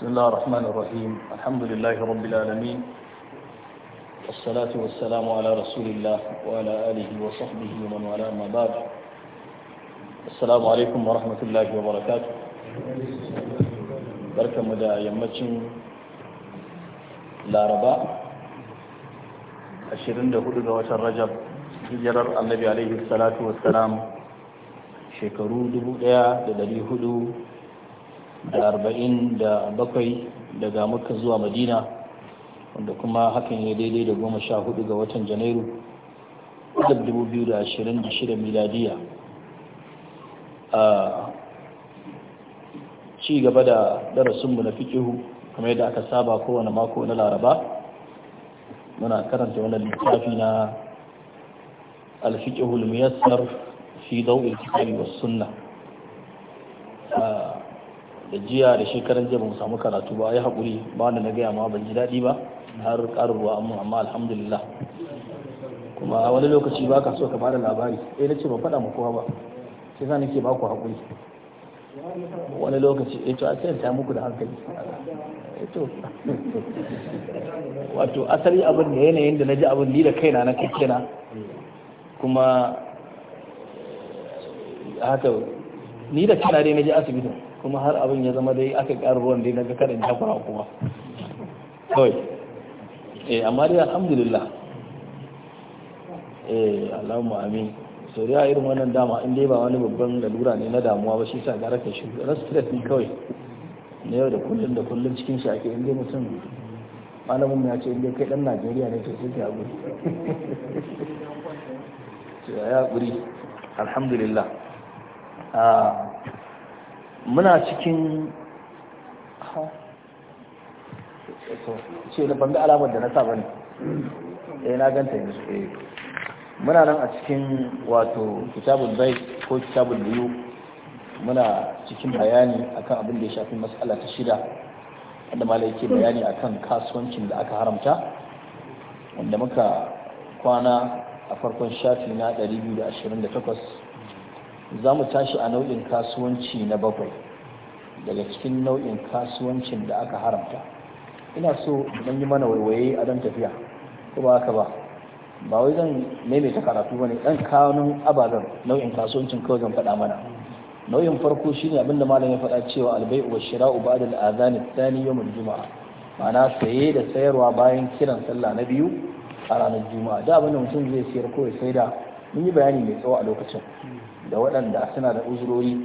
بسم الله الرحمن الرحيم الحمد لله رب العالمين والصلاة والسلام على رسول الله وعلى آله وصحبه ومن والاه ما بعد السلام عليكم ورحمة الله وبركاته بركة مدى يمتشن لا رباء أشيرن دهود دوات الرجب hijirar annabi alaihi salatu wassalam shekaru 1400 da arba'in da bakwai daga makka zuwa madina wanda kuma hakan ya daidai da goma sha hudu ga watan janairu 2026 miladiya a ci gaba da darasinmu na fikihu kamar yadda aka saba kowane mako na laraba muna karanta wani littafi na alfikihul miyassar fi dau'il kitabi was sunna da jiya da shekaran jiya ba mu samu karatu ba ya haƙuri ba da na gaya ma ban ji daɗi ba har ƙarin ruwa amma amma alhamdulillah kuma wani lokaci ba ka so ka bada labari eh na ce ba faɗa muku kowa ba sai sa nake ba ku haƙuri wani lokaci eh to a sai ta muku da hankali eh wato asali abin da yanayin da na ji abin ni da kaina na kakkena kuma haka ni da kina dai na ji asibitin kuma har abin ya zama dai aka ƙara ruwan dai na ga karin takura kuma kawai eh amma dai alhamdulillah eh allahumma amin so ya irin wannan dama in dai ba wani babban lalura ne na damuwa ba shi sa gara ka shi na stress ne kawai na yau da kullum da kullum cikin shi ake inda mutum malamin ya ce in dai kai dan Najeriya ne to sai ka haƙuri ya haƙuri alhamdulillah ah muna cikin ce na banga alamar da na sa bane eh na ganta yanzu eh muna nan a cikin wato kitabul bai ko kitabul biyu muna cikin bayani akan abin da ya shafi mas'ala ta shida wanda malai ke bayani akan kasuwancin da aka haramta wanda muka kwana a farkon shafi na 228 za mu tashi a nau'in kasuwanci na bakwai daga cikin nau'in kasuwancin da aka haramta ina so don yi mana waiwaye a dan tafiya ko ba haka ba ba wai zan maimaita karatu ba ne ɗan kanun ababen nau'in kasuwancin kawai zan faɗa mana nau'in farko shine abin da malam ya faɗa cewa albai wa shira'u ba'da al'adhan thani yawm jumaa ma'ana saye da sayarwa bayan kiran sallah na biyu a ranar juma'a da abinda mutum zai sayar ko ya da. mun yi bayani mai tsawo a lokacin da waɗanda suna da uzurori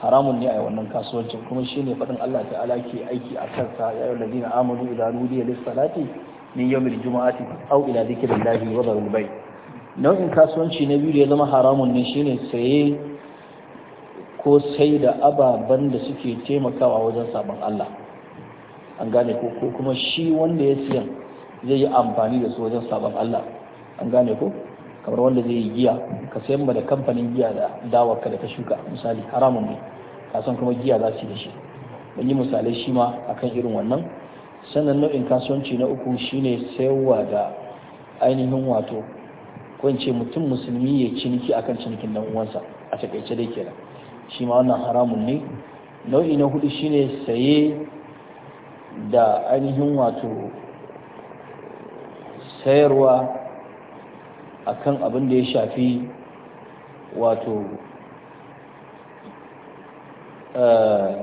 haramun ne a wannan kasuwanci kuma shi ne faɗin Allah ta'ala ke aiki a kansa ya yi ladina amanu idan nudiya lissalati min yawmil juma'ati au ila dhikrillahi wa dharul bai nau'in kasuwanci na biyu da ya zama haramun ne shine saye ko sai da ababen da suke taimakawa wajen sabon Allah an gane ko ko kuma shi wanda ya siyan zai yi amfani da su wajen sabon Allah an gane ko kamar wanda zai yi giya ka sayan ba da kamfanin giya da dawar ka da ta shuka misali haramun ne ka san kuma giya za su yi da shi ban yi misalai shi ma akan irin wannan sannan nau'in kasuwanci na uku shine sayarwa da ainihin wato ko mutum musulmi ya ciniki akan cinikin dan uwansa a takaice dai kenan shi ma wannan haramun ne nau'i na hudu shine saye da ainihin wato sayarwa akan abin da ya shafi wato eh,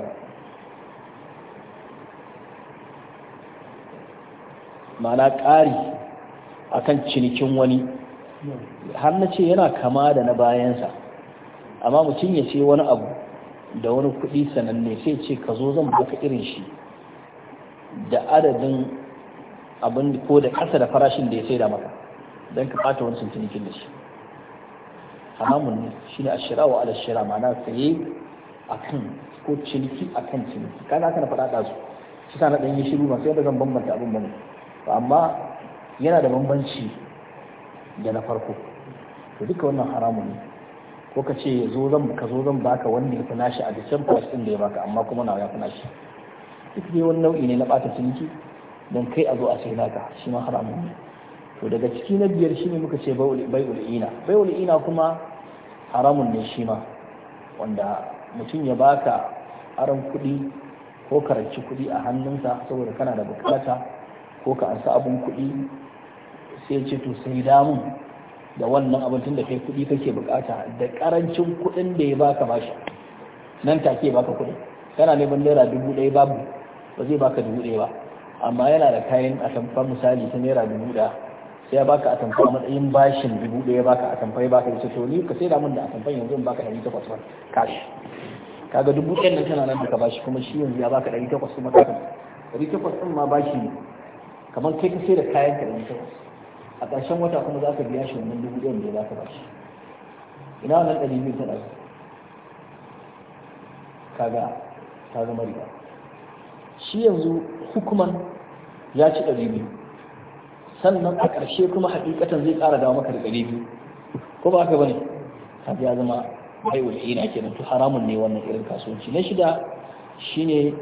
mana ƙari akan cinikin wani har na ce yana kama da na bayansa amma mutum ya ce wani abu da wani kuɗi sananne sai ce ka zo zan baka irin shi da adadin abin ko da ƙasa da farashin da ya sai da maka don ka bata wancan cinikin da shi haramun ne shi ne a shira wa ala shira ma'ana saye a kan ko ciniki a kan ciniki kana na faɗaɗa su shi sa na ɗan yi shiru masu yadda zan bambanta abin bane amma yana da bambanci da na farko to duka wannan haramun ne ko ka ce zo zan ka zo zan baka wanda ya fi shi a dishan price din da ya baka amma kuma nawa ya fi shi duk dai wani nau'i ne na ɓata ciniki don kai a zo a sai naka shi ma haramun ne to daga ciki na biyar shi ne muka ce bai'ul ina bai'ul ina kuma haramun ne shi ma wanda mutum ya baka aron kuɗi ko karanci kuɗi a hannunsa saboda kana da bukata ko ka ansa abun kuɗi sai ce to sai damun da wannan abin tun da kai kuɗi kake bukata da karancin kuɗin da ya baka bashi nan take baka kuɗi kana neman naira dubu ɗaya babu ba zai baka dubu ɗaya ba amma yana da kayan atamfa misali ta naira dubu ɗaya sai ya baka atamfa a matsayin bashin dubu ɗaya baka atamfa ya baka da toni ka sai da mun da atamfa yanzu in baka ɗari takwas wani kashi kaga dubu ɗayan nan tana nan da ka bashi kuma shi yanzu ya baka ɗari takwas kuma ka ɗari takwas ɗin ma bashi ne kamar kai ka sai da kayan ka ɗari takwas a ƙarshen wata kuma za ka biya shi wannan dubu ɗayan da za ka bashi ina wannan ɗari biyu ta ɗari kaga ta zama riba shi yanzu hukuman ya ci ɗari biyu sannan a ƙarshe kuma hakikatan zai ƙara dawo maka da ɗari biyu ko ba ka bane kaji ya zama bai wal'ina nan to haramun ne wannan irin kasuwanci na shida shine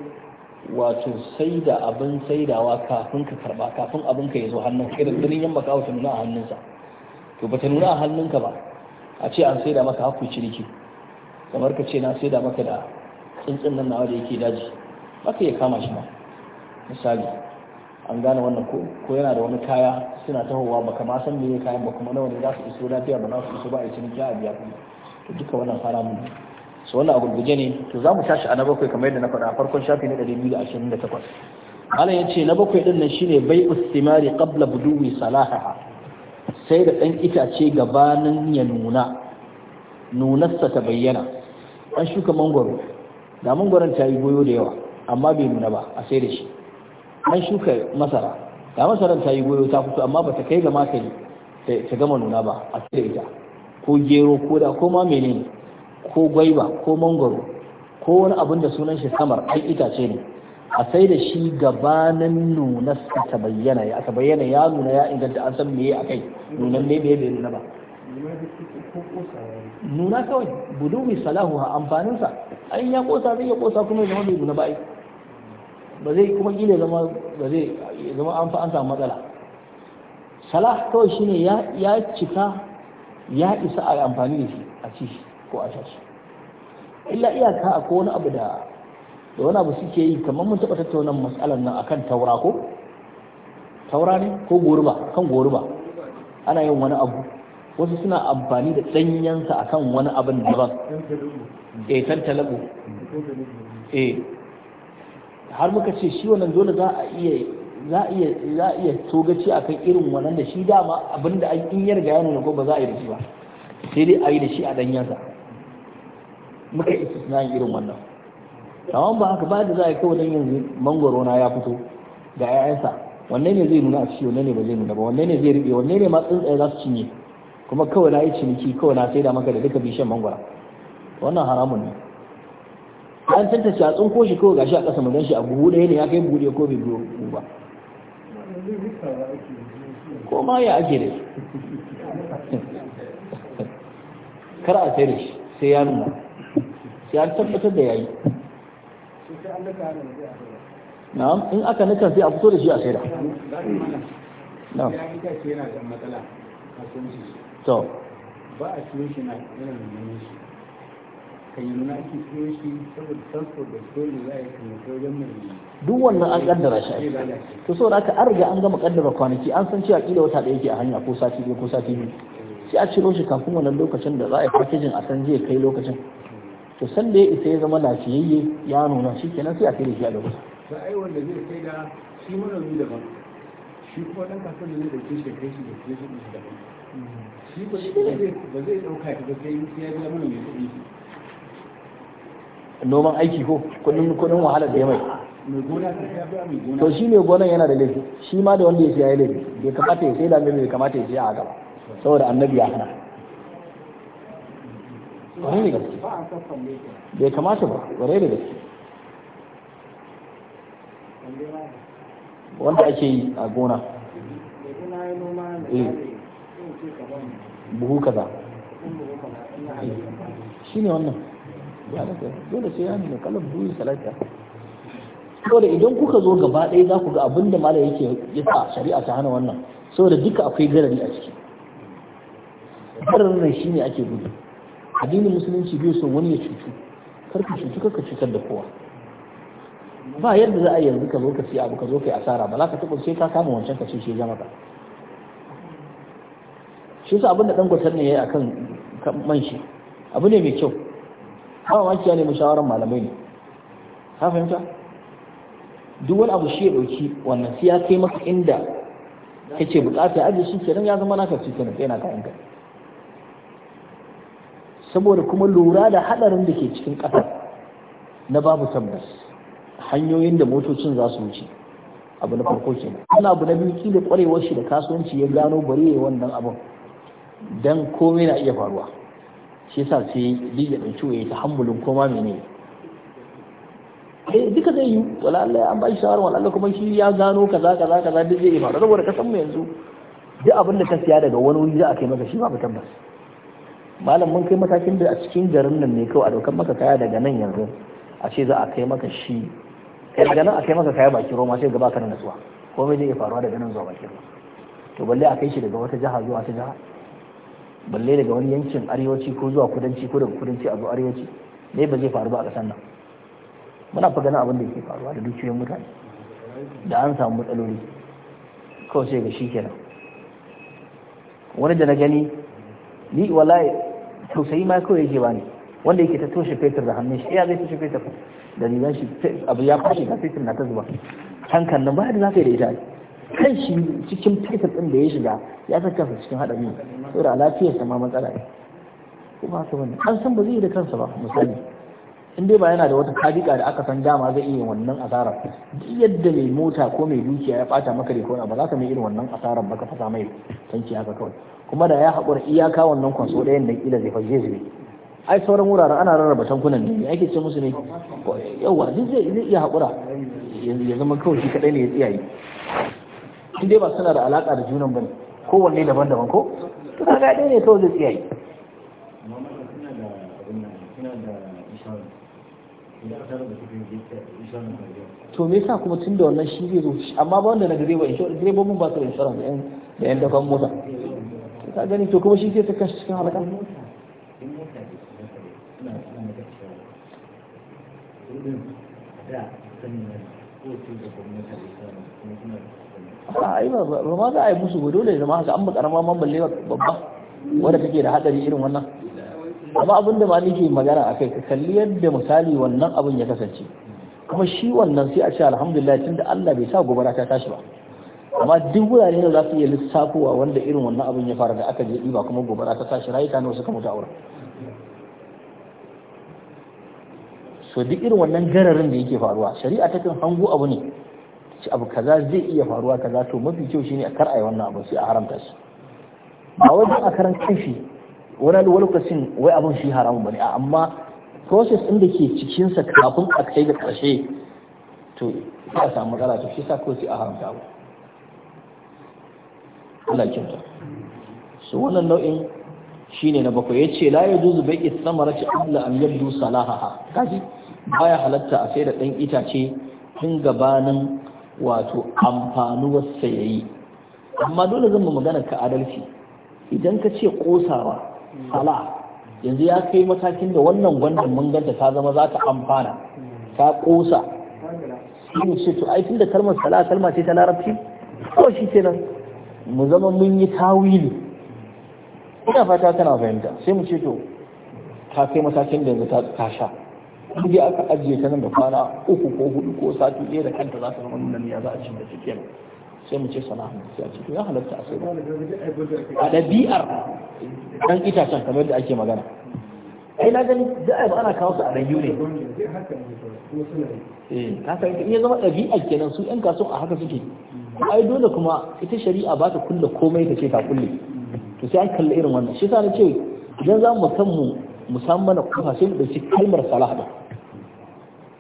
wato sai da abin saidawa kafin ka karba kafin abin ka ya zo hannun ka irin ganin yamma kawo ta nuna a hannunsa to bata nuna a hannunka ba a ce an saida maka haku ciniki kamar ka ce na saida maka da tsuntsun nan nawa da yake daji Maka ya kama shi ma misali an gane wannan ko yana da wani kaya suna tahowa baka ma san me kayan ba kuma nawa ne za su iso lafiya ba za su iso ba a cikin jiya biya to duka wannan fara ne so wannan gurguje ne to za mu tashi a na bakwai kamar yadda na faɗa farkon shafi na ɗari biyu da ashirin Allah ya ce na bakwai ɗin nan shine bai ustimari qabla buduwi salahaha sai da ɗan itace gabanin ya nuna nunarsa ta bayyana an shuka mangwaro da mangwaron ta yi goyo da yawa amma bai nuna ba a sai da shi an shuka masara ga masarar ta yi goyo ta fito amma bata kai ga makali ta gama nuna ba a cire ita ko gero ko da ko ma menene ko gwaiba ko mangoro ko wani abin da sunan shi samar ai itace ne a sai da shi gabanin nuna ta bayyana ya ta bayyana ya nuna ya inganta an san meye akai nunan ne bai nuna ba nuna kawai buduwi salahu ha amfaninsa an ya kosa zai ya kosa kuma ya zama mai nuna ba ai ba zai kuma gile zama ba zai zama an fa an samu matsala salah kawai shine ya ya cika ya isa a amfani da shi a ci ko a shashi illa iyaka a wani abu da da wani abu suke yi kamar mun taɓa tattauna matsalar nan akan taura ko taura ne ko goruba kan goruba ana yin wani abu wasu suna amfani da ɗanyensa akan wani abin daban eh tantalabo. eh har muka ce shi wannan dole za a iya za a iya za a iya togaci akan irin wannan da shi dama abinda an in yarga yana ko ba za a yi da shi ba sai dai a yi da shi a danyensa muka istisna irin wannan amma ba haka ba da za a yi kawai dan yanzu mangoro na ya fito ga 'ya'yansa wanne ne zai nuna a ciki wanne ne ba zai nuna ba wanne ne zai rike wanne ne ma tsuntsaye za su cinye kuma kawai na yi ciniki kawai na sai da maka da duka bishiyan mangwara wannan haramun ne an tantance a tsinko shi kawai gashi a ƙasa mu shi a buhu ɗaya ne ya kai buhu ɗaya ko bai buhu ba ko ma ya ake da shi. kar a sai da shi sai ya nuna sai an tabbatar da yayi na'am in aka nukan sai a fito da shi a saida na'am to ba a cikin shi na irin shi duk wannan an kaddara shi to so da aka an riga an gama kaddara kwanaki an san cewa kila wata da ke a hanya ko sati biyu ko sati biyu sai a ciro shi kafin wannan lokacin da za a yi packaging a san zai kai lokacin to san da ya isa ya zama lafiyayye ya nuna shi kenan sai a kai da shi a lokacin ai wanda zai kai da shi manomi daban shi kuma dan da zai dauke shi da kai shi da kai shi daban mm. shi ba zai dauka ya sai ya manomi noman aiki ko kudin kudin wahala da ya mai to shi mai gonan yana da laifi shi ma da wanda ya siya ya laifi bai kamata ya sai da bai kamata ya siya a gaba saboda annabi ya hana ƙwarai da gaske bai kamata ba ƙwarai da gaske wanda ake yi a gona eh. buhu kaza eh. shi ne wannan ya daga dole sai ya nuna kalam duyi salata saboda idan kuka zo gaba ɗaya za ku ga abin da malam yake ya sa shari'a ta hana wannan saboda duka akwai garari a ciki gararin nan shine ake gudu addinin musulunci biyu so wani ya cutu kar ka cutu kar ka cutar da kowa ba yadda za a yanzu ka zo ka siya abu ka zo ka yi asara ba za ka taɓa sai ka kama wancan ka ce shi ya maka shi sa abin da ɗan gwatar ne ya yi akan man shi abu ne mai kyau ba wankiya ne shawarar malamai ne ka fahimta duk wani abu shi ya dauki wannan sai ya kai maka inda kace bukata ya aje shi kenan ya zama naka shi kenan kai na ka inda saboda kuma lura da hadarin da ke cikin kasar na babu tabbas hanyoyin da motocin za su wuce abu na farko kenan wannan abu na biyu da kwarewar shi da kasuwanci ya gano bari wannan abun dan komai na iya faruwa shi yasa sai duk ya ɗauki waye ta hambulin koma mene eh duka zai yi wala Allah an ba shi shawara wala Allah kuma shi ya gano kaza kaza kaza duk zai yi faru saboda ka san mu yanzu duk abin da ka siya daga wani wuri za a kai maka shi ba tabbas malam mun kai matakin da a cikin garin nan ne kawai a daukar maka kaya daga nan yanzu a ce za a kai maka shi kai daga nan a kai maka kaya baki roma sai gaba ka na natsuwa komai zai iya faruwa daga nan zuwa baki roma to balle a kai shi daga wata jiha zuwa ta jiha balle daga wani yankin arewaci ko zuwa kudanci ko daga kudanci a zuwa arewaci ne ba zai faru ba a ƙasar nan muna fa ganin abin da yake faruwa da dukiyoyin mutane da an samu matsaloli kawai sai ga shi kenan wani da na gani ni wallahi tausayi ma kawai yake bani wanda yake ta toshe fetur da hannun shi ya zai toshe fetur da ni shi abu ya kwashe ga fetur na ta zuba hankalin nan ba da za ka yi da ita kan shi cikin fitar ɗin da ya shiga ya saka kansa cikin haɗari saboda lafiyarsa ma matsala ne kuma haka wannan an san ba zai yi da kansa ba misali in dai ba yana da wata kadika da aka san dama zai iya wannan asarar duk yadda mai mota ko mai dukiya ya bata maka rekona ba za ka mai irin wannan asarar ba ka fasa mai tanki haka kawai kuma da ya haƙura iyaka wannan kwanso ɗayan da ƙila zai fashe zai ai sauran wuraren ana rarraba tankunan ne me ake ce musu ne yawa duk zai iya haƙura ya zama kawai shi kaɗai ne ya tsiyaye in dai ba suna da alaka da junan bane kowanne daban-daban ko to kaga ɗaya ne kawai zai tsiyayi to me yasa kuma tun da wannan shi zai zo amma ba wanda na gare ba direba insho direbobin ba su da insurance da da yan dafan mota ka gani to kuma shi zai saka shi cikin halaka da sanin ko da gwamnati da kuma suna a ai ba ma za a yi musu dole zama haka an karama ma balle babba wanda kake da hadari irin wannan amma abin da ma nake magana a kai kalli yadda misali wannan abin ya kasance kuma shi wannan sai a ce alhamdulillah tunda Allah bai sa gobara ta tashi ba amma duk wurare da za su iya lissafowa wanda irin wannan abin ya fara da aka je diba kuma gobara ta tashi rayuka ne suka mutu a wurin so duk irin wannan gararin da yake faruwa shari'a ta kan hango abu ne ci abu kaza zai iya faruwa kaza to mafi kyau shine a kar a yi wannan abu sai a haramta shi ba wajen a karan kashi wani lokacin wai abin shi haramun bane amma process din da ke cikin sa kafin a kai ga karshe to ya samu matsala to shi sa ko sai a haramta abu Allah ta so wannan nau'in shine na bakwai yace la yajuzu bai'i samarati illa an yabdu salahaha kaji baya halatta a sai da dan itace tun gabanin wato amfanuwar ya yi. amma dole zan mu magana ka adalci idan ka ce kosawa sala yanzu ya kai matakin da wannan gwandan mun ganta ta zama za ta amfana ta kosa shi ce to ai da kalmar sala kalma ce ta larabci kawai shi nan. mu zama mun yi tawili ina fata kana fahimta sai mu ce to ta kai matakin da yanzu ta sha in aka ajiye ta nan da kwana uku ko hudu ko sati ɗaya da kanta za ta zama nuna miya za a cin da cikin sai mu ce sana'a sai a ce ya halatta a sai a ɗabi'ar ɗan itacen kamar da ake magana ai na gani da'a ba ana kawo su a rayu ne eh ka san in ya zama ɗabi'ar kenan su ƴan kasuwa a haka suke ai dole kuma ita shari'a ba ta kulle komai ta ce ta kulle to sai an kalli irin wannan shi sa na ce idan za mu musamman ko sai mu ɗauki kalmar salah ba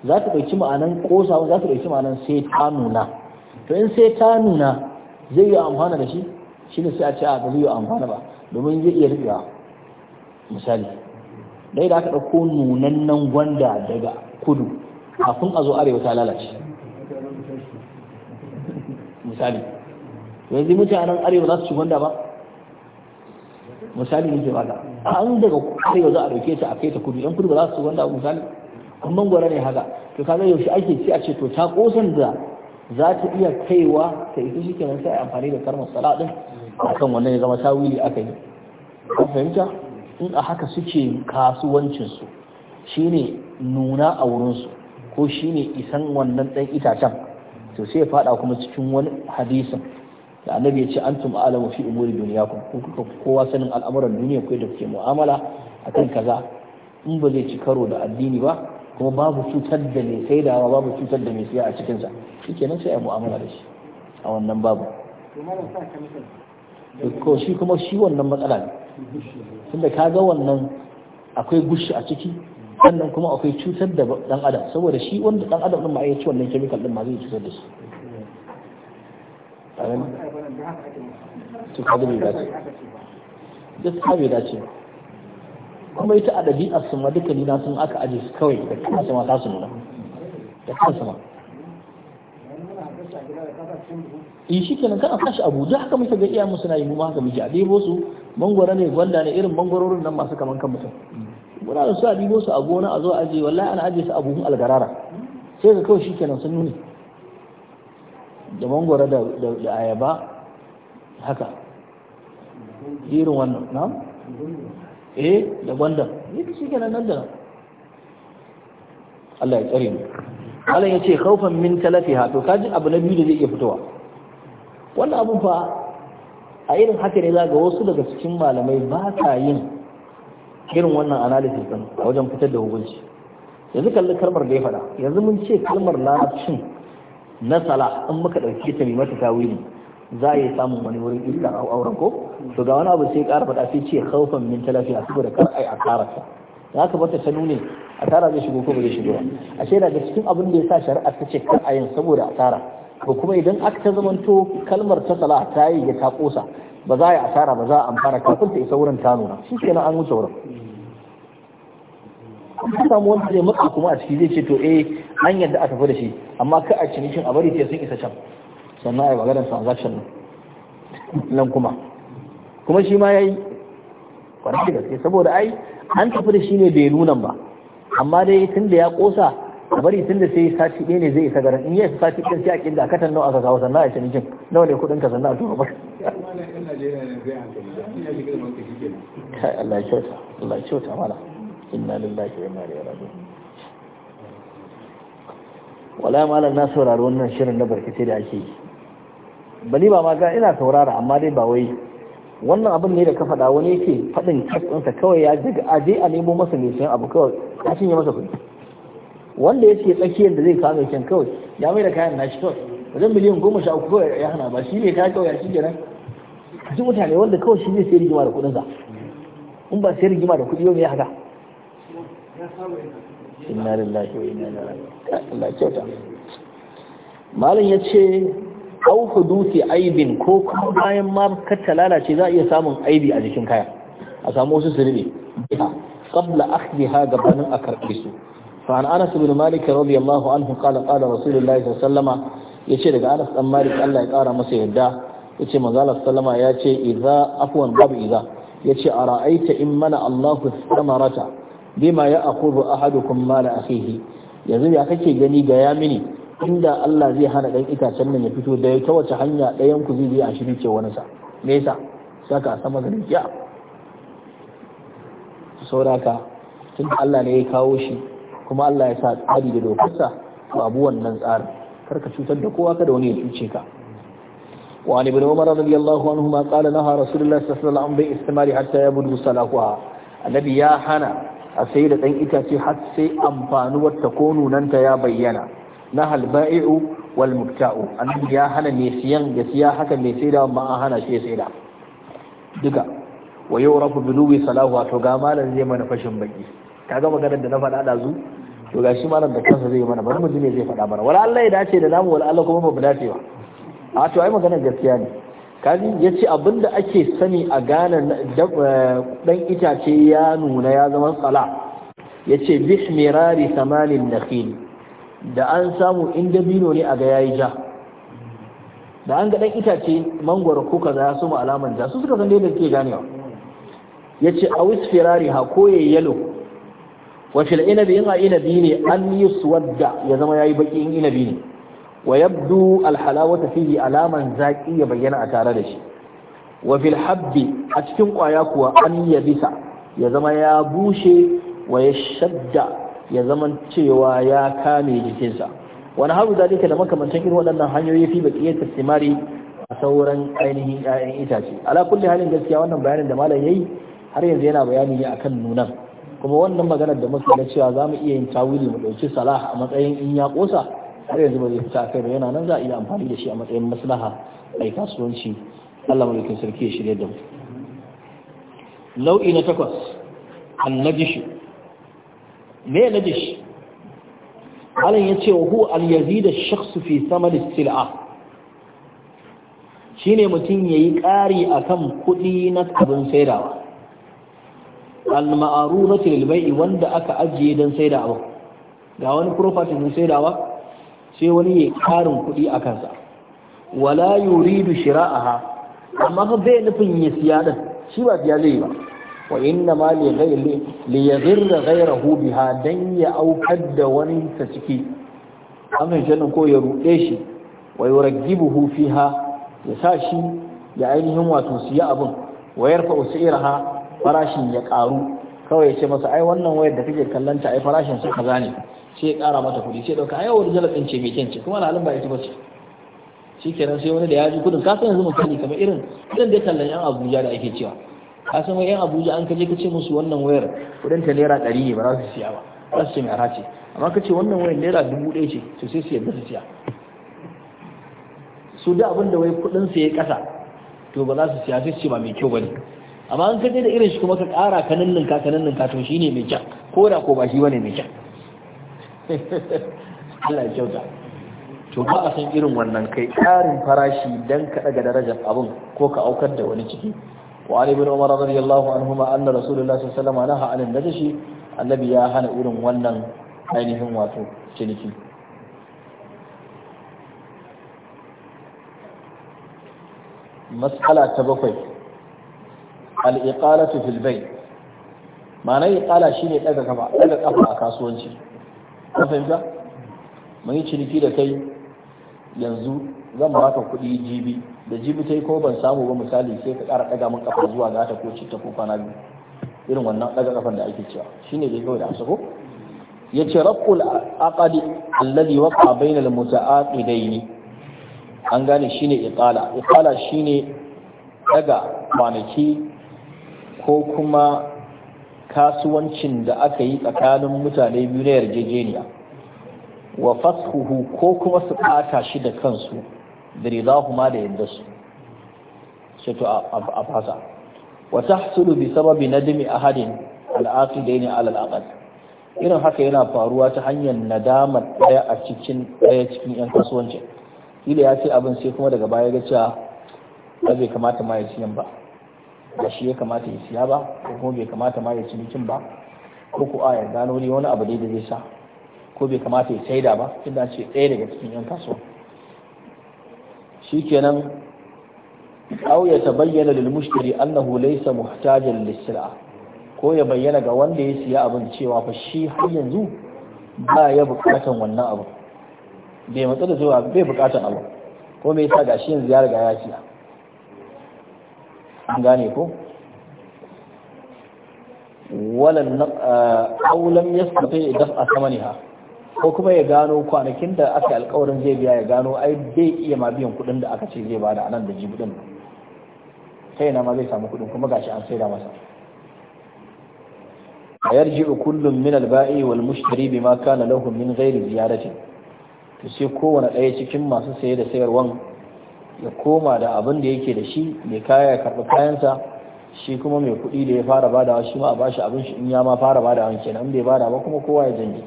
za ta ɗauki ma'anan ƙosa za ta ɗauki ma'anan sai ta nuna to in sai ta nuna zai yi amfana da shi shi ne sai a ce a ba zai yi amfana ba domin zai iya riƙewa misali dai da aka ɗauko nunannen gwanda daga kudu kafin a zo arewa ta lalace misali yanzu mutanen arewa za su ci gwanda ba misali ne ke baka an daga yau za a dauke ta a kai ta kudu yan kudu ba za su wanda abu misali kuma gwara ne haka to kaga yaushe ake ci a ce to ta kosan da za ta iya kaiwa ta ita shi kenan sai amfani da karmar sala din akan wannan ya zama tawili aka yi ka fahimta in a haka suke kasuwancin su shine nuna a wurin su ko shine isan wannan dan itacen to sai ya faɗa kuma cikin wani hadisin da annabi ya ce an tum alamu fi umuri duniya kun kuka kowa sanin al'amuran duniya kai da kuke mu'amala akan kaza in ba zai ci karo da addini ba kuma babu cutar da mai saidawa babu cutar da mai siya a cikinsa sa nan sai a mu'amala da shi a wannan babu ko shi kuma shi wannan matsala ne tunda kaga wannan akwai gushi a ciki sannan kuma akwai cutar da dan adam saboda shi wanda dan adam din ma ya ci wannan chemical din ma zai cutar da shi to kaga bai dace gaskiya bai dace kuma ita a ɗabi'ar su ma duka nuna sun aka aje su kawai da kansa ma ta su nuna da kansa ma yi eh, shi kenan kan a kashi abu da haka muka ga iya musu na yi mu haka muke a ɗebo su mangwara ne gwanda ne irin mangwarorin nan masu kaman kan mutum muna da su a ɗebo su a gona a zo a aje wallahi ana aje su a buhun algarara sai ga kawai shi kenan sun nuni da mangoro da ayaba haka irin wannan na? eh da gwanda ta shi kenan nan da nan. Allah ya tsare mu Allah ya ce kaufan min talafiha to kaji abu na biyu da zai iya fitowa wannan abun fa a irin haka ne zaga wasu daga cikin malamai ba ta yin irin wannan analysis din a wajen fitar da hukunci yanzu kalli kalmar da ya faɗa yanzu mun ce kalmar larabcin na sala in muka ɗauki ta mai mata tawili za a yi samun wani wurin illa a auren ko to ga wani abu sai ƙara faɗa sai ce haufan min a saboda kar ai asara ta da haka bata ta nune asara zai shigo ko ba zai shigo ba ashe daga cikin abin da ya sa shari'a ta ce kar a saboda asara ko kuma idan aka ta zamanto kalmar ta sala ta yi ya ta ƙosa ba za a yi asara ba za a amfana kafin ta isa wurin ta nuna shi kenan an wuce wurin ka samu wanda zai matsa kuma a ciki zai ce to eh an yadda a tafi da shi amma ka a cinikin a bari sai sun isa can sannan a yi maganar transaction nan nan kuma kuma shi ma ya yi kwanci gaske saboda ai an tafi da shi ne bai nunan ba amma dai tun da ya kosa a bari tun da sai sati ɗaya ne zai isa garin in yi sati ɗaya sai a kinda a katan nawa aka kawo sannan a cinikin nawa ne kuɗin ka sannan a tuba ba Allah ya kyauta Allah ya kyauta mana inna lillahi wa inna ilaihi raji'un wala malam na saurari wannan shirin na barkace da ake yi bali ba ma ga ina saurara amma dai ba wai wannan abin ne da ka faɗa wani yake faɗin kasɗinsa kawai ya a aje a nemo masa mai sayan abu kawai ya cinye masa kuɗi wanda ya ce tsakiyar da zai kawo mai kawai ya mai da kayan nashi kawai wajen miliyan goma sha uku kawai ya hana ba shi ne ta kawai ya shi kenan a cikin mutane wanda kawai shi ne sai rigima da kuɗinsa in ba sai rigima da kuɗi yau ne haka inna lillahi wa inna ilaihi Allah kyauta yace au hudusi aibin ko kuma bayan ma ka lalace za a iya samun aibi a jikin kaya a samu wasu sirri qabla akhdhiha gabanin a karbe su فعن انس بن مالك رضي الله عنه قال قال رسول الله صلى الله عليه وسلم yace daga Anas dan Malik Allah ya kara masa yarda yace manzo Allah sallama yace idza afwan babu idza yace ara'aita in mana Allahu thamarata bima ya aqulu ahadukum mala akhihi yanzu ya kake gani ga ya mini inda Allah zai hana dan itacen nan ya fito da ta wace hanya ɗayan ku zai bi a shiri ce wani sa me yasa saka sama da riya sauraka tun Allah ne ya kawo shi kuma Allah ya sa tsari da dokarsa babu wannan tsarin ka cutar da kowa kada wani ya cuce ka وعن ابن عمر رضي الله عنهما قال نهى رسول الله صلى الله عليه وسلم عن حتى يبلغ صلاحها النبي يا حنا a sai da ɗan itace har sai amfanuwar ta ko nunanta ya bayyana na halba'i'u wal mukta'u annabi ya hana mai siyan ya siya haka mai saida amma an hana shi ya saida duka wa yau Rabu biluwi salahu to ga malam zai mana fashin baki kaga maganar da na faɗa da zu to ga shi malam da kansa zai mana bari mu ji me zai faɗa mana wala Allah ya dace da namu wala Allah kuma ba mu dace ba a to ai maganar gaskiya ne kani ya ce abinda ake sani a gane dan eh, itace ya nuna ya zama tsala ya ce bishmirari samanin nakhil da an samu in dabino ne a ga yayi ja da an ga dan itace mangwaro ko kaza ya suma alaman ja su suka san da ke ganewa ya ce a wis firari ha koye yalo wa fil inabi in a inabi ne an yi suwadda ya zama yayi baki in inabi ne wa yabdu ta fihi alaman zaƙi ya bayyana a tare da shi wa fil habbi a cikin kwaya kuwa an ya bisa ya zama ya bushe wa ya shadda ya zama cewa ya kame jikinsa wani haru da da makamantan irin waɗannan hanyoyi fi baƙiyar tasimari a sauran ainihin 'ya'yan itace ala kulli halin gaskiya wannan bayanin da malam ya yi har yanzu yana bayani ne akan nunan kuma wannan maganar da muke na cewa za mu iya yin tawili mu ɗauki salah a matsayin in ya ƙosa har yanzu ba zai fita a kai ba yana nan za a iya amfani da shi a matsayin maslaha a kasuwanci Allah mulkin sarki ya shirya da mu nau'i na takwas annajish me najish malam ya ce wa hu al yazida shakhs fi thaman as-sil'a shine mutum yayi ƙari akan kuɗi na abin saidawa al ma'rufati lil bai'i wanda aka ajiye dan saida abu ga wani property mun saidawa sai wani ya karin kuɗi a kansa wala yuridu shira'aha amma fa bai nufin ya siya din shi ba siya zai ba wa inna ma li ghayri li yadhirra ghayrahu biha dan ya aukar da wani ta ciki an fahimci ko ya ruɗe shi wa yuraggibuhu fiha ya sa shi ya ainihin wato siya abin wa yarfa usairaha farashin ya karu kawai ya ce masa ai wannan wayar da kake kallon ta ai farashin su kaza ne sai ya mata kuɗi sai ɗauka ayo wani ɗin ce mai kyanci ce kuma alhalin ba ita ba ce shi kenan sai wani da ya ji kuɗin kasan yanzu kalli kamar irin irin ya tallan yan abuja da ake cewa kasan wai yan abuja an kaje ka ce musu wannan wayar kudin ta naira ɗari ne ba za su siya ba za su ce mai ce amma ka ce wannan wayar naira dubu ɗaya ce to sai su yarda su siya su da abin da wai kudin su ya kasa to ba za su siya sai su ce ba mai kyau ba ne amma an kaje da irin shi kuma ka kara kanin ninka kanin ninka to shine mai kyau ko da ko ba shi bane mai kyau Allah ya kyauta to ba a san irin wannan kai ƙarin farashi dan ka daga darajar abun ko ka aukar da wani ciki wa ali bin umar radiyallahu anhuma anna rasulullahi sallallahu alaihi wasallam naha an najashi annabi ya hana irin wannan ainihin wato ciniki mas'ala ta bakwai al-iqalatu fil bay ma'ana iqala shine daga kafa daga kafa a kasuwanci ka fahimta ciniki da kai yanzu zan baka ka kuɗi jibi da jibi ta yi ko ban samu ba misali sai ka ƙara ɗaga min ƙafa zuwa gata ko citta ko kwana biyu irin wannan ɗaga ƙafan da ake cewa shine dai kawai da asako ya ce raƙul aƙadi alladhi waqa bayna al ne. an gane shine iqala iqala shine ɗaga kwanaki ko kuma kasuwancin da aka yi tsakanin mutane biyu na yarjejeniya wa fashuhu ko kuma su ƙata shi da kansu da ma da yadda su sai to a fasa wa tahsulu bi sababi nadimi ahadin al'aqidaini ala al'aqal irin haka yana faruwa ta hanyar nadama ɗaya a cikin daya cikin yan kasuwancin ila ya ce abin sai kuma daga baya ga cewa bai kamata ma ya ci ba ba shi ya kamata ya siya ba ko kuma bai kamata ma ya ci bikin ba ko ko a ya gano wani abu dai da zai sa ko bai kamata ya saida ba tunda ce ɗaya daga cikin yan kasuwa shikenan aw ya bayyana lil mushtari annahu laysa muhtajan lis ko ya bayyana ga wanda ya siya abin cewa fa shi har yanzu ba ya bukatan wannan abu bai matsala da zuwa bai bukatan abu ko me yasa gashi yanzu ya riga ya siya an gane ko walan aulam ya idan a samaniha ko kuma ya gano kwanakin da aka alkawarin zai biya ya gano ai bai iya ma biyan kudin da aka ce zai bada a nan da jibudin sai na ma zai samu kudin kuma gashi an sai da masa yarji kullum min alba'i wal mushtari bima kana lahu min ghairi ziyarati, to sai kowane ɗaya cikin masu saye da sayarwan ya koma da abin da yake da shi mai kaya ya karɓi kayansa shi kuma mai kuɗi da ya fara badawa shi ma a ba shi abin shi in ya ma fara badawa kenan in bai bada ba kuma kowa ya janye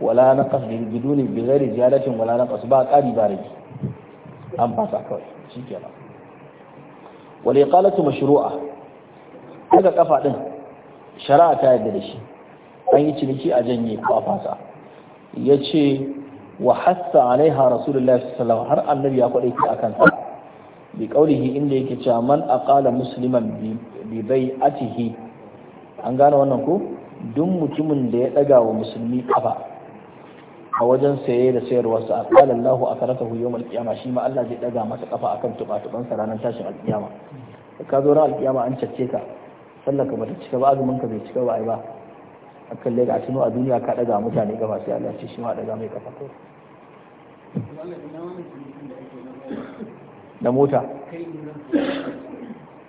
wala na gidu ne bi zai ziyadatin wala na ƙasa ba ƙari ba rage an fasa kawai shi ke shikenan wal iqalatu mashru'a daga kafa din shari'a ta yadda da shi an yi ciniki a janye ko a fasa Ya ce wa hassa alaiha rasulullahi sallallahu alaihi har annabi ya kwaɗe ki akan bi qaulihi inda yake cewa man aqala musliman bi bai'atihi an gane wannan ko duk mutumin da ya daga wa musulmi kafa a wajen saye da sayarwarsa a qala Allahu akaratahu yawmal qiyamah shi ma Allah zai daga masa kafa akan tubatuban sa ranar tashin alkiyama ka zo ran alkiyama an cace ka sallaka bata cika ba azumin ka bai cika ba ai ba akan lega a tuno a duniya ka daga mutane kafa sai Allah ce shi ma daga mai kafa da mota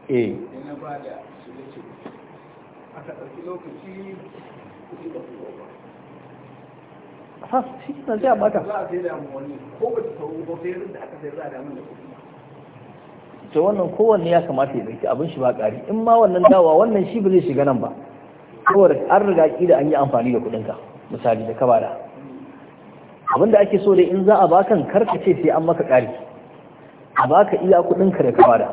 eh ha shi na a to wannan kowanne ya kamata ya dauki abin shi ba ƙari in ma wannan dawa wannan shi ba zai shiga nan ba kowar an riga ki da an yi amfani da kudinka misali da ka abinda abin da ake so da in za a bakan karka ce sai an maka ƙari a ka iya kudin ka da kawada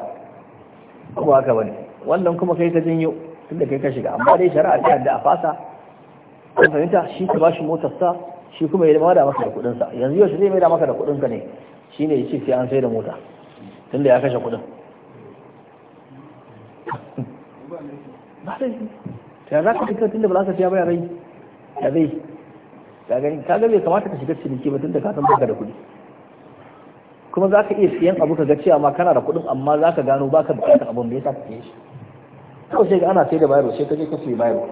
ko haka wani wannan kuma kai ka janyo tunda kai ka shiga amma dai shari'a ta yadda a fasa kun fahimta shi ka bashi motar sa shi kuma ya mai da maka da kudin sa yanzu yau shi zai mai da maka da kudin ka ne ne shi sai an sai da mota tunda ya kashe kudin ba sai ya za ka fita tunda ba za ka siya ba ya rai ya zai ka gani ka gani. kamata ka shiga ciniki ba da ka san baka da kudi kuma za ka iya siyan abu ka ga cewa ma kana da kuɗin amma za ka gano ba ka buƙatar abun da ya sa ka siye shi kawai sai ga ana sai da bayarwa sai ka je ka siya bayarwa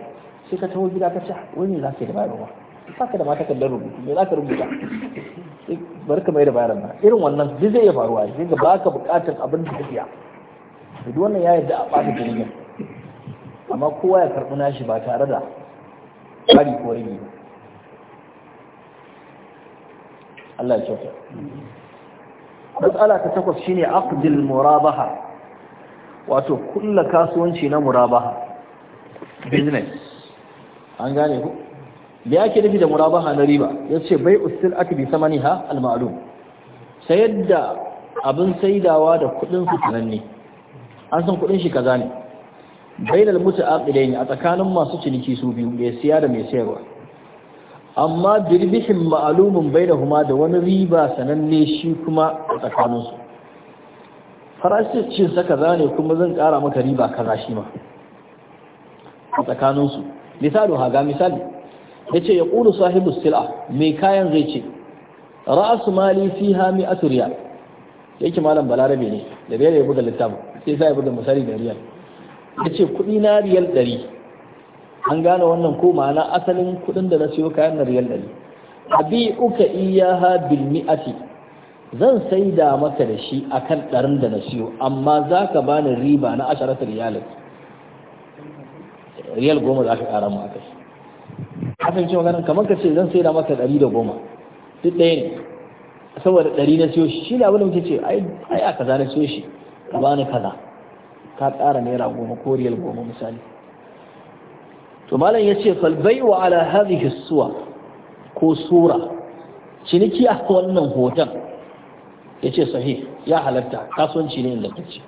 sai ka taho gida ka ce ah, wai me za ka yi da bayarwa ba ka da ma takardar rubutu me za ka rubuta bari ka mai da bayarwa ba irin wannan duk zai iya faruwa sai ga ka bukatar abin da ka siya duk wannan ya yarda a ɓata jirgin amma kowa ya karɓi nashi ba tare da ƙari ko rage Allah ya kyauta matsala ta takwas shine aqdil murabaha wato kulla kasuwanci na murabaha business an gane ku da yake nufi da murabaha na riba Ya ce bai bi sama samaniha al ma'lum sayar da abin saidawa da kudin su sananne an san kudin shi kaza ne bainal mutaaqidain a tsakanin masu ciniki su biyu mai siya da mai sayarwa amma birbihin ma'alumin bai da huma da wani riba sananne shi kuma a tsakaninsu farashin saka za ne kuma zan kara maka riba kaza shi ma a tsakaninsu misali haga misali ya ce ya ƙulu sahibu sila mai kayan zai ce ra'asu mali fi hami a turiya. ya ki malam balarabe ne da biyar ya buga littafin sai sa ya buga misali da riyar ya ce kuɗi na riyal ɗari an gane wannan ko ma'ana asalin kuɗin da na siyo kayan na riyal ɗari abi uka iyaha bil mi'ati zan saida maka da shi akan ɗarin da na siyo amma za ka bani riba na asharata riyalin riyal goma za ka ƙara mu akai kafin cewa ganin kamar ka ce zan saida maka ɗari da goma duk ɗaya ne saboda ɗari na siyo shi shi ne abin da muke ce ai a kaza na siyo shi ka bani kaza ka ƙara naira goma ko riyal goma misali to malam yace fal bai'u ala hadhihi suwa ko sura ciniki a wannan hoton yace sahih ya halatta kasuwanci ne da kace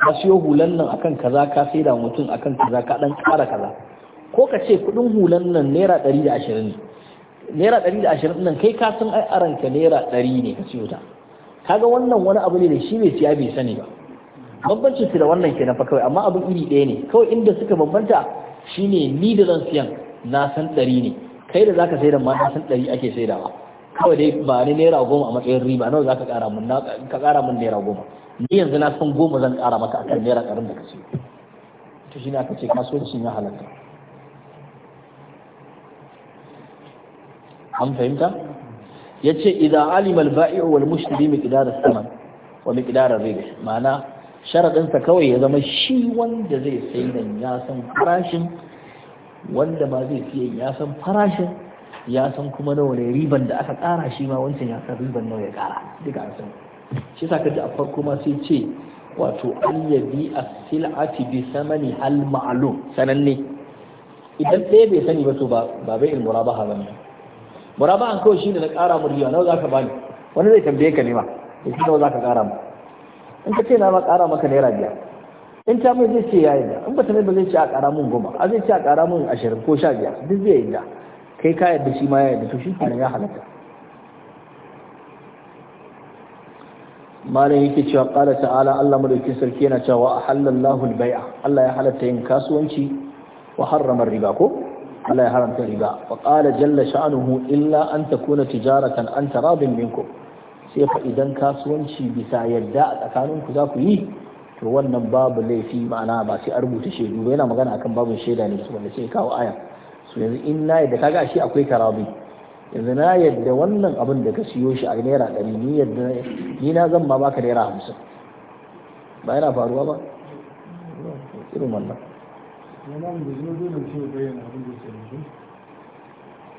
ka siyo hulan nan akan kaza ka saida mutum akan kaza ka dan kara kaza ko ka ce kudin hulan nan naira 120 naira 120 nan kai ka san ai aranka naira 100 ne ka siyo ta kaga wannan wani abu ne da shi bai siya bai sani ba bambancin su da wannan ke fa kawai amma abin iri ɗaya ne kawai inda suka bambanta shine ni da zan siyan na san ɗari ne kai da zaka sai da ma na san ɗari ake saidawa kawai dai ba ni naira goma a matsayin riba nawa zaka ƙara mun ka ƙara mun naira goma ni yanzu na san goma zan ƙara maka akan naira ƙarin da ka ce to shine aka ce kasuwancin ya halatta an fahimta yace idan alimal bai'u wal mushtari miqdar as-saman wa miqdar ar-ribh ma'ana Sharadinsa kawai ya zama shi wanda zai sai nan ya san farashin wanda ma zai fiye ya san farashin ya san kuma nawa ne riban da aka kara shi ma wancan ya san riban nawa ya kara, duka an san shi sa kaji a farko ma sai ce wato an yabi a sil'ati bi samani hal ma'lum sananne idan ɗaya bai sani ba to ba ba bai il murabaha ba ne murabaha kawai shi ne na kara murya nawa za ka bani wani zai tambaye ka ne ma ya nawa zaka kara mu in ka ce na ma ƙara maka naira biyar in ta mai zai ce ya yi yarda in ba ta mai ba zai ce a ƙara mun goma a zai ce a ƙara mun ashirin ko sha biyar duk zai yi yarda kai ka yadda shi ma ya yarda to shi kenan ya halatta malam yake cewa ƙara ta'ala Allah madaukin sarki yana cewa a halallahu bai'a Allah ya halatta yin kasuwanci wa harrama riba ko Allah ya haramta riba wa qala jalla sha'anuhu illa an takuna tijaratan an rabin minkum sai fa idan kasuwanci bisa yadda a tsakaninku za ku yi to wannan babu laifi ma'ana ba sai a rubuta shaidu ba yana magana akan babin shaida ne su wanda sai kawo aya su yanzu in na yadda kaga shi akwai karabi yanzu na yadda wannan abin da ka siyo shi a naira ɗari ni yadda ni na zan ma baka naira hamsin ba yana faruwa ba irin wannan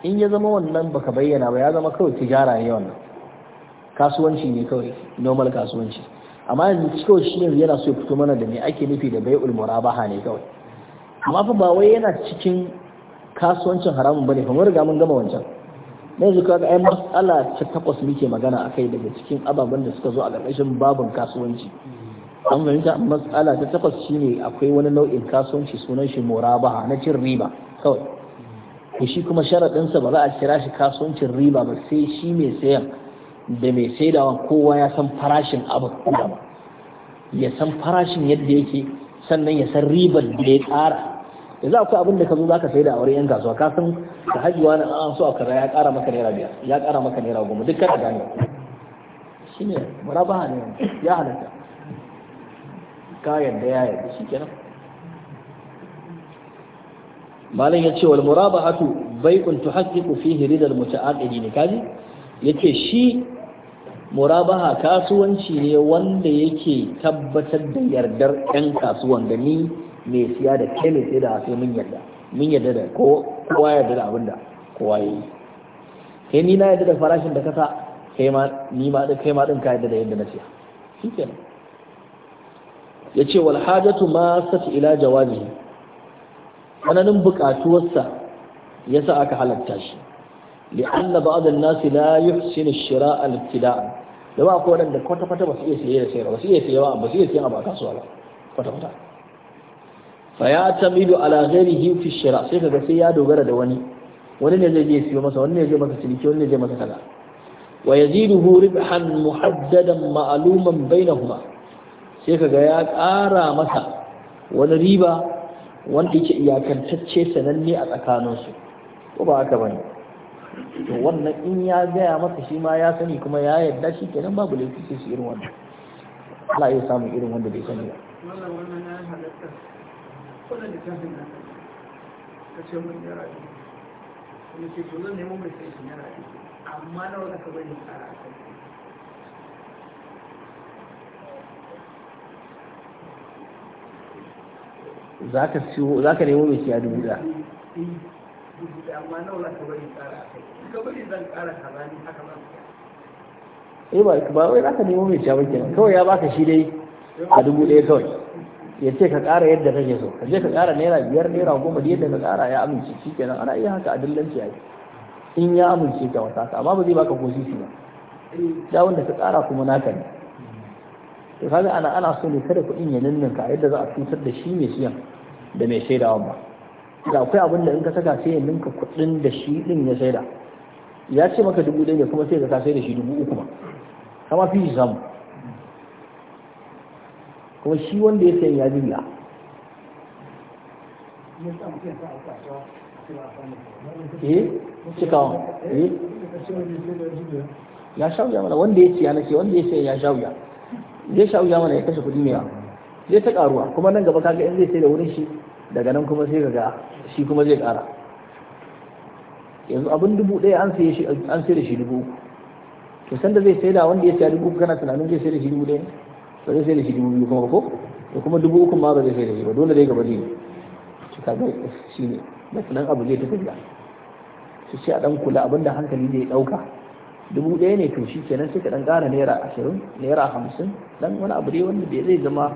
in ya zama wannan baka bayyana ba ya zama kawai tijara ne wannan kasuwanci ne kawai normal kasuwanci amma yanzu wasu shi yanzu yana so ya fito mana da me ake nufi da bai'ul murabaha ne kawai amma fa ba wai yana cikin kasuwancin haramun bane fa mun riga mun gama wancan na yanzu kaga ai mas'ala ta takwas muke magana akai daga cikin ababen da suka zo a ƙarƙashin babin kasuwanci an fahimta mas'ala ta takwas shine akwai wani nau'in kasuwanci sunan shi murabaha na cin riba kawai to shi kuma sharaɗinsa ba za a kira shi kasuwancin riba ba sai shi mai sayan da mai saidawa kowa ya san farashin abin ba ya san farashin yadda yake sannan ya san ribar da ya ƙara za akwai abin da ka zo za ka saida a wurin 'yan kasuwa ka san ka hajjuwa na an so a kaza ya ƙara maka naira biyar ya ƙara maka naira goma duk kada gane shi ne murabaha ne ya halatta ka yadda ya yadda shi kenan malam ya ce wal murabahatu bai'un tuhaqqiqu fihi ridal muta'aqidin kaji yace shi murabaha kasuwanci ne wanda yake tabbatar da yardar 'yan kasuwan da ni mai siya da kele mai da sai mun yarda mun yarda da kowa yarda da abinda kowa ya yi kai ni na yarda da farashin da kasa kai ma ni ma din kai ma din ka yarda da yadda na siya shikenan yace wal hajatu ma sati ila jawabi. tsananin buƙatuwarsa yasa aka halatta shi لأن بعض الناس لا يحسن الشراء الابتداء da ba ko da kwata kwata ba su iya siye da sayarwa ba su iya siye ba ba su iya siye a ba kasuwa ba kwata kwata fa ya tamidu ala ghairihi fi shira sai kaga sai ya dogara da wani wani ne zai je siyo masa wani ne zai masa ciniki wani ne zai masa kaza wa yaziduhu ribhan muhaddadan ma'luman bainahuma sai kaga ya ƙara masa wani riba wanda yake iyakantacce sananne a tsakaninsu ko ba haka bane to wannan in ya gaya maka shi ma ya sani kuma ya yadda shi kenan babu laifi sai shi irin wannan Allah ya samu irin wanda bai sani ba wannan ya halatta wannan da kafin nan ka ce mun yara ne kuma ce to ne mun mai sai shi yara ne amma na wanda ka bari tsara za ka nemo mai siya dubu da dubu amma nawa za ka bari tsara kai ka bari zan ƙara kaza ni haka ba eh ba ba wai za ka nemo mai cewa kenan kawai ya baka shi dai a dubu ɗaya kawai ya ce ka ƙara yadda kake so ka je ka ƙara naira biyar naira goma da yadda ka ƙara ya amince shi kenan ana iya haka a dillanci ai in ya amince ka wata amma ba zai baka ko sisi ba da wanda ka ƙara kuma naka ne to kaga ana ana so ne kada kuɗin ya ninninka yadda za a cutar da shi mai siyan da mai shaidawan ba da akwai abin da in ka saka sai ya ninka kuɗin da shi ɗin ya saida ya ce maka dubu ɗaya kuma sai ka sai da shi dubu uku ba kama fi shi samu kuma shi wanda ya sayan ya jiya eh cikawa eh ya shauya mana wanda ya ya nake wanda ya sayan ya shauya zai shauya mana ya kashe kuɗi mai zai ta karuwa kuma nan gaba kaga in zai sai da wurin shi daga nan kuma sai ga shi kuma zai kara yanzu abin dubu ɗaya an sai an sai da shi dubu uku to da zai sai da wanda ya sai dubu uku kana tunanin zai sai da shi dubu ɗaya ba zai sai da shi dubu biyu kuma ko da kuma dubu uku ma ba zai sai da shi ba dole dai gaba ne shi ga shi ne san abu zai tafi da su sai a dan kula abin da hankali zai ɗauka dubu ɗaya ne to shi kenan sai ka ɗan kara naira ashirin naira hamsin dan wani abu dai wanda bai zai zama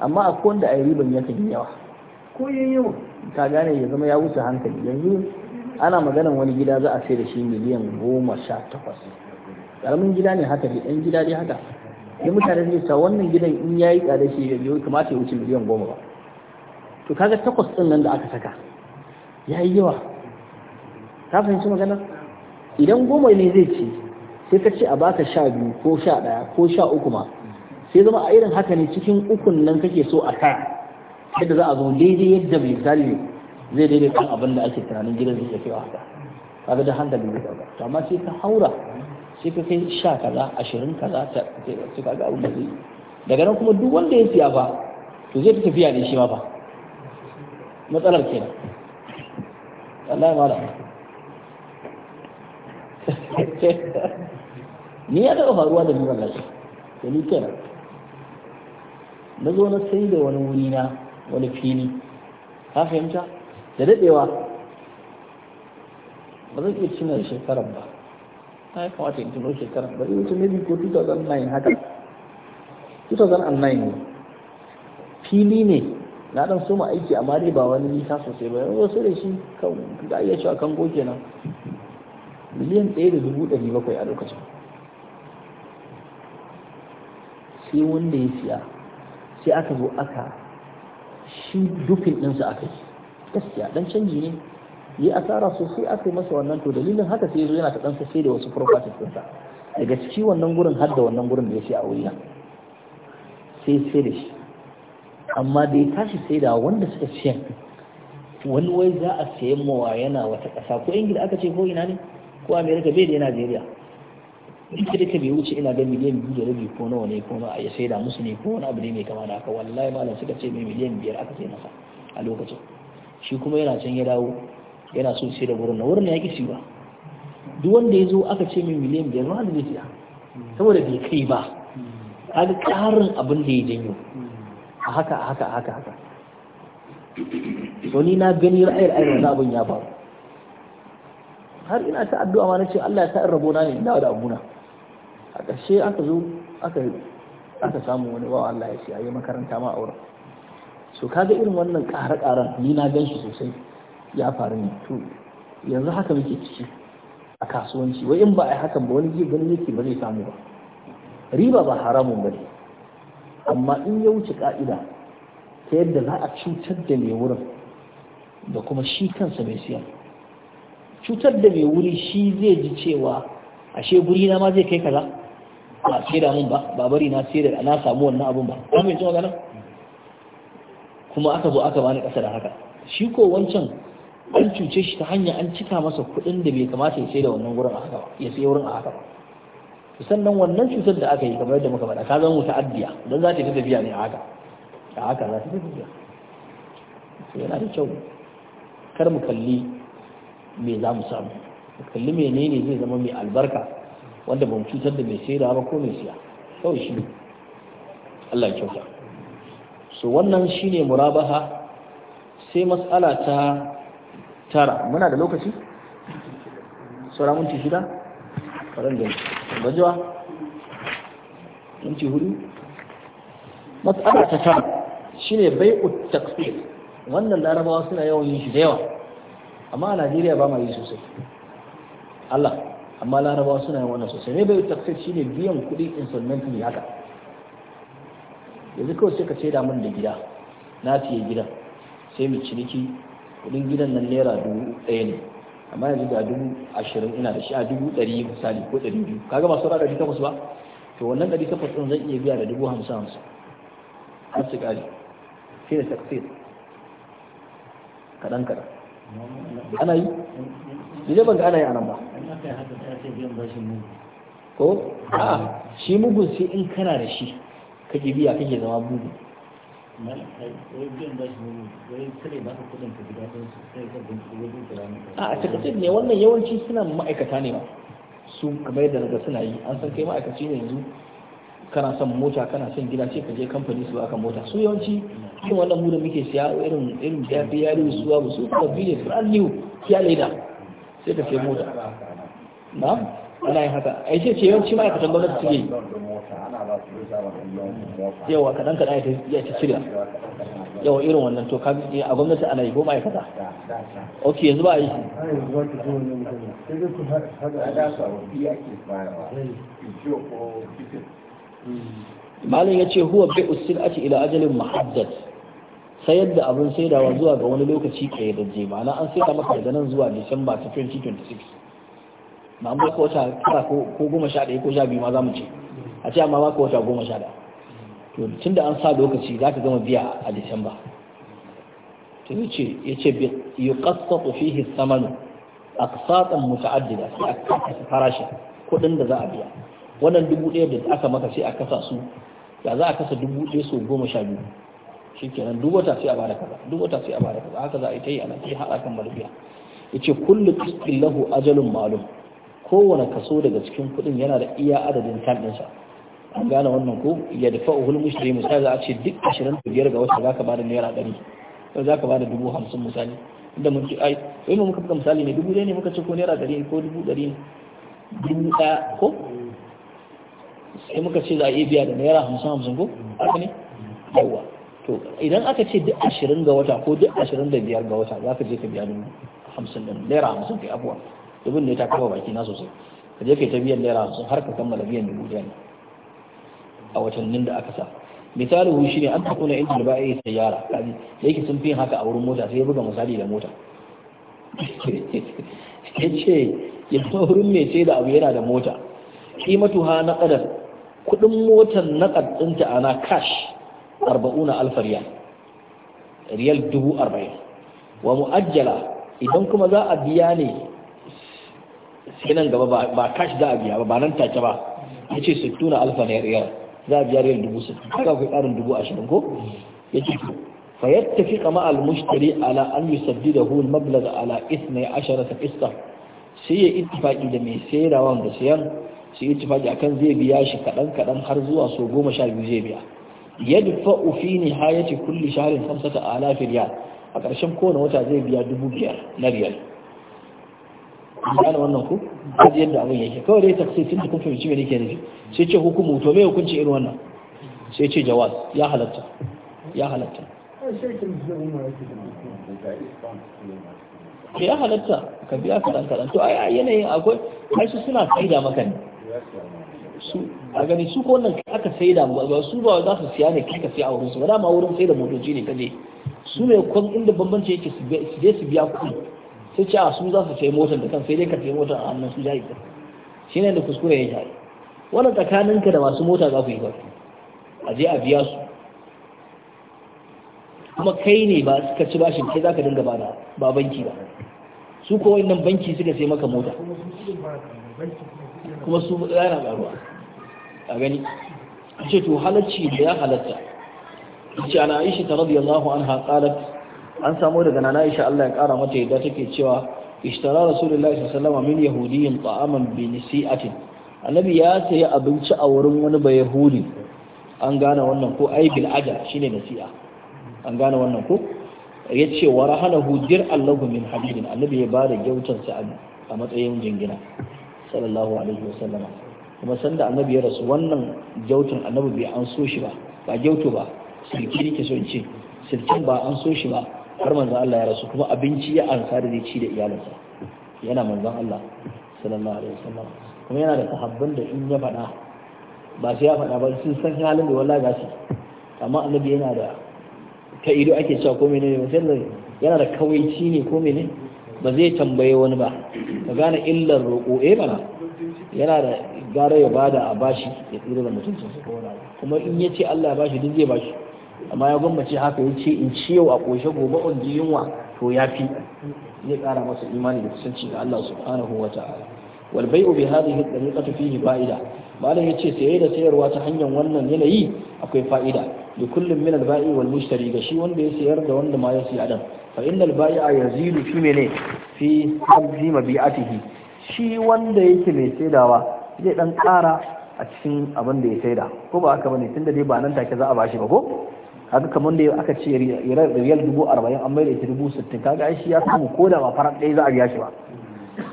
amma a kowanda da a yi riban ya kan yawa ko yi yawa ka gane ya zama ya wuce hankali yanzu ana maganan wani gida za a sai da shi miliyan goma sha takwas karamin gida ne haka ne ɗan gida dai haka ya mutane ne ta wannan gidan in ya yi tsada shi ya kamata ya wuce miliyan goma ba to kaga takwas ɗin nan da aka saka ya yi yawa ka fahimci magana idan goma ne zai ce sai ka ce a baka sha biyu ko sha ɗaya ko sha uku ma sai zama a irin haka ne cikin ukun nan kake so a ta yadda za a zo daidai yadda bai misali zai daidai kan abin da ake tunanin gidan zai iya kaiwa haka kaga da hankali ne kaga to amma sai ka haura sai ka kai sha kaza ashirin kaza ta sai ga abin da zai daga nan kuma duk wanda ya siya fa to zai tafi ya ne shi ma fa matsalar kenan wallahi malam ni ya taɓa faruwa da nuna wallahi da ni kenan na zo na sai da wani wuri na wani fili ka fahimta da daɗewa ba zan iya cina shekarar ba na ya kamata in tuno shekarar ba zai wuce maybe ko 2009 haka 2009 ne fili ne na ɗan soma aiki amma dai ba wani nisa sosai ba wasu da shi kan da iya cewa kango kenan miliyan ɗaya da dubu ɗari bakwai a lokacin sai wanda ya siya sai aka zo aka shi dufin ɗinsa aka yi gaskiya dan canji ne yi asara sosai aka yi masa wannan to dalilin haka sai zo yana ta ɗansa sai da wasu properties ɗinsa daga ciki wannan gurin har da wannan gurin da ya siya a wurina sai sai da shi amma da ya tashi sai da wanda suka siya wani wai za a siyan mawa yana wata ƙasa ko ingila aka ce ko ina ne ko amerika bai da najeriya duk da ta bai wuce ina ga miliyan biyu da rabi ko nawa ne ko nawa ya saida musu ne ko wani abu ne mai kama da haka wallahi malam suka ce mai miliyan biyar aka sai masa a lokacin shi kuma yana can ya dawo yana so sai da wurin na wurin ya ki siwa duk wanda ya zo aka ce mai miliyan biyar ma da zai saboda bai kai ba kaga ƙarin abin da ya janyo a haka a haka a haka haka to ni na gani ra'ayar ayyar na abin ya faru har ina ta addu'a ma na ce Allah ya sa in rabona ne ina da abuna a ƙarshe aka zo aka samu wani bawa Allah ya ce a yi makaranta ma auren so kaga irin wannan ƙare-ƙaren ni na gan shi sosai ya faru ne to yanzu haka muke ciki a kasuwanci wai in ba a yi hakan ba wani gani yake ba zai samu ba riba ba haramun ba ne amma in ya wuce ka'ida ta yadda za a cutar da mai wurin da kuma shi kansa mai siyan cutar da mai wuri shi zai ji cewa ashe guri na ma zai kai kaza ba shaida mun ba ba bari na shaida na samu wannan abun ba kuma mai cewa ganin kuma aka zo aka bani kasa da haka shi ko wancan an cuce shi ta hanya an cika masa kuɗin da bai kamata ya sai da wannan gurin a haka ba ya sai wurin a haka ba sannan wannan cutar da aka yi kamar yadda muka faɗa ka zama muta'addiya don za ta yi tafiya ne a haka a haka za ta tafiya sai yana da kyau kar mu kalli me za mu samu mu kalli menene zai zama mai albarka wanda ba mu cutar da mai sayarwa ba ko mai siya kawai shi Allah kyauta so wannan shine murabaha sai mas'ala ta tara muna da lokaci saura minti shida faran da bajewa minti hudu mas'ala ta tara shine bai'ut taqsir wannan larabawa suna yawan yin shi da yawa amma a Najeriya ba ma yi sosai Allah amma larabawa suna yin wannan sosai ne bai tafsir shine biyan kudi installment ne haka yanzu kawai sai ka ce min da gida na siya gida sai mu ciniki kudin gidan nan naira dubu ɗaya ne amma yanzu da dubu ashirin ina da shi a dubu ɗari misali ko ɗari biyu kaga masu rada ɗari takwas ba to wannan ɗari takwas ɗin zan iya biya da dubu hamsin hamsin har su ƙari shi ne tafsir kaɗan kaɗan ana yi idan ban ga ana yi anan ba ko a shi mugun sai in kana da shi ka biya kake zama mugun a takaice ne wannan yawanci suna ma'aikata ne su kamar yadda naga suna yi an san kai ma'aikaci ne yanzu kana son mota kana son gida ce ka je kamfani su aka mota su yawanci irin wannan mu da muke siya irin irin da fi yari su ba su kuma biye brand new ya leda sai ka sai mota na ana yin haka ai ce ce yawanci ma'aikatan gwamnati yi yawa kadan kadan ya ci cire yawa irin wannan to ka ji a gwamnati ana yi ko ma'aikata ok yanzu ba a yi shi malin ya ce huwa bai usil'ati ila ajalin muhaddad sayar da abin saidawa zuwa ga wani lokaci kayyadajje ma'ana an saida maka daga nan zuwa disamba ta 2026 ma an baka wata kira ko goma sha ɗaya ko sha biyu ma za mu ce a ce amma baka wata goma sha ɗaya to tun da an sa lokaci za ka gama biya a disamba to ya ce ya ce yi kasasu fihi samanu a ɗan mutu'addida sai a kasa farashin kuɗin da za a biya wannan dubu ɗaya da aka maka sai a kasa su da za a kasa dubu ɗaya su goma sha biyu shi kenan duk sai a bada kaza Dubu ta sai a bada kaza haka za a yi ta yi ana yi haɗa kan malafiya ya ce kullum qisqin lahu ajalun malum kowane kaso daga cikin kuɗin yana da iya adadin kan an gane wannan ko ya dafa uhul mushtari misali za a ce duk ashirin da biyar ga wata za ka bada naira ɗari ko za ka bada dubu hamsin misali inda mun ce ai wai muka buga misali ne dubu ɗaya ne muka ce ko naira ɗari ko dubu ɗari dubu ɗaya ko sai muka ce za a iya biya da naira hamsin hamsin ko haka ne yawa to idan aka ce duk ashirin ga wata ko duk ashirin da biyar ga wata za ka je ka biya nuna hamsin din naira hamsin kai abuwa dubin ne ta kafa baki na sosai ka je kai ta biyan naira hamsin har ka kammala biyan dubu biyar. a watannin da aka sa misali hu shine an takuna inda da yi sayara kaji da yake sun fi haka a wurin mota sai ya buga misali da mota Ya ce ya wurin mai sai da abu yana da mota kimatu ha na ƙadar kudin motar na ƙarƙinta ana cash 40 alfa riyal riyal 40 wa mu'ajjala idan kuma za a biya ne sai gaba ba cash za a biya ba ba nan take ba ya ce 60 na alfa riyal za a biya riyal 60 haka kai ƙarin 20 ko ya ce ku fayar tafi kama al-mushtari ala an yi sabbi da hul da ala isna ya ashara ta fista sai ya ittifaki da mai sayarwa da sayan su yi tufaki akan zai biya shi kaɗan kaɗan har zuwa so goma sha biyu zai biya yadfa ufi ce kulle kulli shahrin a alaf riyal a ƙarshen kowane wata zai biya dubu biyar na riyal gane wannan ku kaji yadda abin yake kawai dai tun da kun fahimci me nake nufi sai ce hukumu to me hukunci irin wannan sai ce jawaz ya halatta ya halatta ya halatta ka biya kaɗan kaɗan to a yanayin akwai har suna faida maka ne su a gani su ko wannan aka sai da ba su ba za su siya ne kika siya a wurin su ba dama wurin sai da motoci ne kaje su ne kwan inda bambanci yake su je su biya kuɗi sai ce a su za su sai motar da kan sai dai ka sai motar a hannun su jayi shi ne da kuskure ya jayi wannan tsakaninka da masu mota za ku yi ba a je a biya su kuma kai ne ba suka ci bashin kai za ka dinga bada ba banki ba su ko nan banki suka sai maka mota kuma su ya na karuwa a gani a ce to halacci da ya halatta ce ana aisha ta radiyallahu an qalat an samu daga nana aisha Allah ya ƙara mata yadda take cewa ishtara rasulullahi sallallahu alaihi wasallam min yahudiyyin ta'aman bi nisi'atin annabi ya sayi abinci a wurin wani ba yahudi an gane wannan ko ai bil aja shine nasi'a an gane wannan ko ce wa rahanahu dir Allahu min habibin annabi ya bada gyautar sa a matsayin jingina sallallahu alaihi wasallam kuma sanda annabi ya rasu wannan jautin annabi bai an so shi ba ba jautu ba silki ne ke so in ce silkin ba an so shi ba har manzon Allah ya rasu kuma abinci ya ansa da zai ci da iyalinsa yana manzon Allah sallallahu alaihi wa wasallam kuma yana da sahabban da in ya faɗa ba sai ya faɗa ba sun san halin da wallahi ga amma annabi yana da ta ido ake cewa ko menene yana da kawaici ne ko menene ba zai tambaye wani ba ka gane illar roƙo eh bana? yana da gara ya bada a bashi ya tsira da mutuncin su kuma in ya ce Allah ya bashi duk zai bashi amma ya gwammace haka ya ce in ci yau a ƙoshe gobe in ji yunwa to ya fi zai ƙara masa imani da kusanci ga Allah subhanahu wa ta'ala wal bai'u bi hadhihi at fihi fa'ida malam yace saye da sayarwa ta hanyar wannan yanayi akwai fa'ida li kullum min al-ba'i wal mushtari ga shi wanda ya sayar da wanda ma ya siya adam fa innal bai'a yazilu fi mene fi qabdi mabi'atihi shi wanda yake mai saidawa zai dan ƙara a cikin abin da ya saida ko ba haka bane tunda dai ba nan take za a bashi ba ko kaga kamar da aka ce riyal dubu arba'in an maida dubu sittin kaga ai shi ya samu ko da ba farar ɗaya za a biya shi ba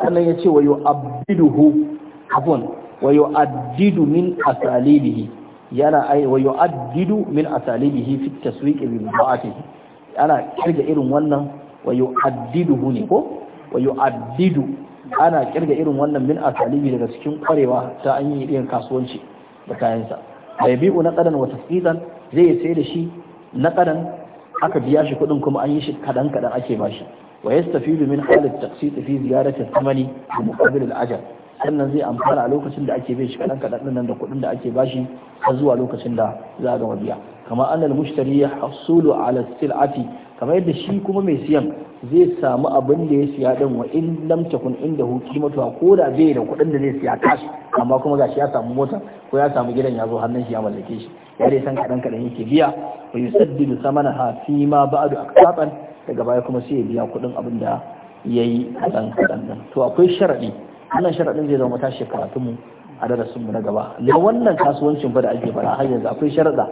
sannan ya ce wa yu'abbiduhu afwan wayo yu'addidu min asalibihi yana ai wayo yu'addidu min asalibihi fi taswiqi bi ba'atihi ana kirga irin wannan wa yu'addiduhu ne ko wa yu'addidu ana kirga irin wannan min asalibi daga cikin kwarewa ta an yi irin kasuwanci da kayansa bai bi'u na kadan wa tasqitan zai sai da shi na kadan aka biya shi kuɗin kuma an yi shi kadan kadan ake bashi wa yastafidu min halat taqsit fi ziyarati thamani bi muqabil al-ajr sannan zai amfana a lokacin da ake bai shi kadan kadan nan da kuɗin da ake bashi har zuwa lokacin da za a gama biya kama annal mushtari ya hasulu ala sil'ati kama yadda shi kuma mai siyan zai samu abin da ya siya din wa in lam takun inda hu kimatu ko da bai da kuɗin da zai siya kashi amma kuma gashi ya samu mota ko ya samu gidan ya zo hannun shi ya mallake shi ya dai san kaɗan kadan yake biya wa yusaddidu samanaha fi ma ba'du aqsatan daga baya kuma sai ya biya kuɗin abin da yayi kadan kadan nan to akwai sharadi wannan sharadin zai zama tashi karatunmu a darasinmu na gaba na wannan kasuwancin ba da ake fara har yanzu akwai sharada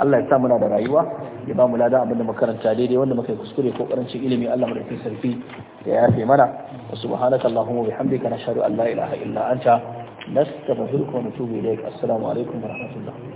Allah ya sa muna da rayuwa ya ba mu lada abin da makaranta daidai wanda muka yi kuskure ko karancin ilimi Allah mu dauki sarfi ya yafe mana wa subhanaka allahumma bihamdika nashhadu an la ilaha illa anta nastaghfiruka wa natubu ilaik assalamu alaikum wa rahmatullah